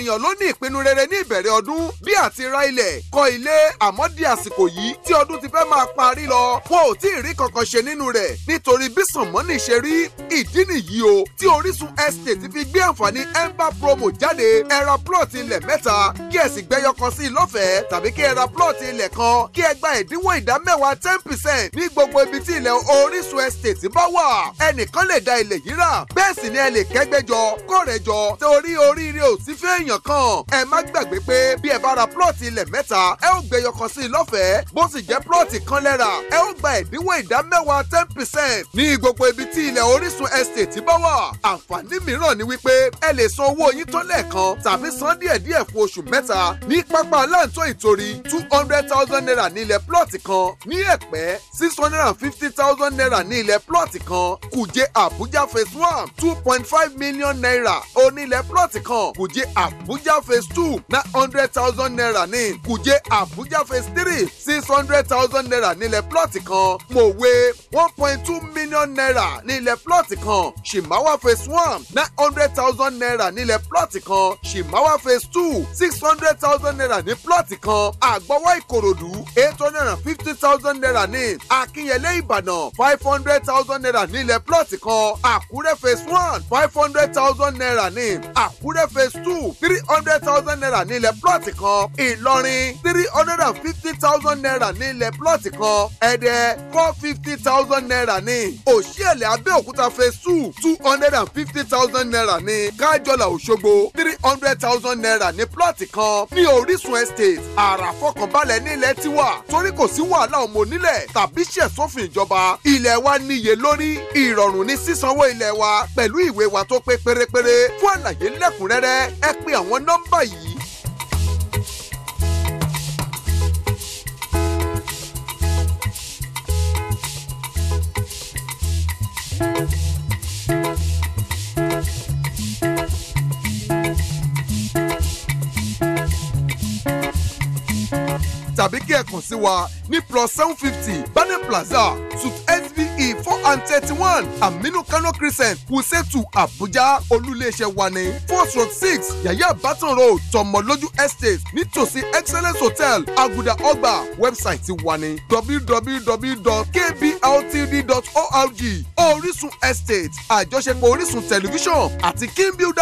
ènìyàn ló ní ìpinnu rere ní ìbẹ̀rẹ̀ ọdún bí àti ra ilẹ̀ kọ́ ilé àmọ́ di àsìkò yìí tí ọdún ti fẹ́ máa parí lọ wọn ò tí ì rí kankan ṣe nínú rẹ̀ nítorí bí sànmọ́nì ṣe rí ìdí nìyí o tí Orísun Estate fi gbé àǹfààní ember promo jáde ẹ ra plot ilẹ̀ mẹ́ta kí ẹ sì gbẹ́yọ kan sí i lọ́fẹ̀ẹ́ tàbí kí ẹ ra plot ilẹ̀ kan kí ẹ gba ẹ̀dínwó ìdá mẹ́wàá ten percent ní gbogbo ibi tí ilẹ̀ Orísun Estate bá wà ẹnìkan lè da ilẹ̀ yìí rà bẹ́ẹ̀ sì ni ẹ lè kẹ́gbẹ́jọ kórẹjọ torí oríire ò sí fẹ́yàn èèyàn kan ẹ má gbàgbé pé bí ẹ bá ra plọ́ọ̀tì ilẹ̀ mẹ́ta ẹ ó gbẹyọ kan sí i lọ́fẹ̀ẹ́ bó sì jẹ́ plọ́ọ̀tì kan lẹ́ra ẹ ó gba ẹ̀dínwó ìdá mẹ́wàá ten percent ní gbogbo ibi tí ilẹ̀ Orísun estate bá wà àǹfààní mìíràn ni wípé ẹ lè san owó yín tó lẹ́ẹ̀kan tàbí san díẹ̀díẹ̀ fún oṣù mẹ́ta ní pápá aláǹtó ìtorí two hundred thousand naira ní ilẹ̀ plọ́ọ̀tì kan ní Ẹ̀pẹ́ six hundred and fifty thousand naira ní ilẹ̀ plọ́ọ̀tì kan Kùjẹ́ Àbújá phase one two point five million naira onílẹ̀ plọ́ọ̀tì kan Kùjẹ́ Àbújá abuja phase two na hundred thousand naira ní kùjẹ́ abuja phase three six hundred thousand naira nílẹ̀ plọ́ọ̀tì kan mòwe one point two million naira nílẹ̀ plọ́ọ̀tì kan shimawa phase one na hundred thousand naira nílẹ̀ plọ́ọ̀tì kan shimawa phase two six hundred thousand naira ní plọ́ọ̀tì kan àgbọ̀wọ́ ìkòròdú eight hundred and fifty thousand naira ní akínyẹlé ìbàdàn five hundred thousand naira nílẹ̀ plọ́ọ̀tì kan àkúrẹ́ phase one five hundred thousand naira ní àkúrẹ́ phase two three hundred thousand naira ní ilẹ̀ plọ́ọ̀tì kan ìlọrin three hundred and fifty thousand naira ní ilẹ̀ plọ́ọ̀tì kan ẹ̀dẹ́ four fifty thousand naira ní òṣìẹ̀lẹ̀ abẹ́òkúta phase two two hundred and fifty thousand naira ní kájọlà òṣogbo three hundred thousand naira ní plọ́ọ̀tì kan ní Orísun estate àrà fọkànbalẹ̀ nílẹ̀ ti wà torí kò sí wàhálà ọmọ onílẹ̀ tàbí ṣẹ̀sófin ìjọba ilẹ̀ wa níye lórí ìrọ̀rùn ní sísanwó ilẹ̀ wa pẹ̀lú ìwé wa tó pé pérépéré fún àlàyé lẹ́kùnrẹ́rẹ́ ẹ pè àwọn nọ́mbà yìí tàbí kí ẹ kàn sí wa ní plus seven fifty bani plaza suite sbe four and thirty-one aminu kano crescent kusetu abuja olúléeṣẹ́ wa ní fourth road six yaya baton road tọmọlójú estate nítòsí excellence hotel aguda ọgbà wẹ́bsáìtì wa ní www.kbltd.org orísun estate àjọṣepọ̀ orísun tẹlifíṣàn àti kimbuilder.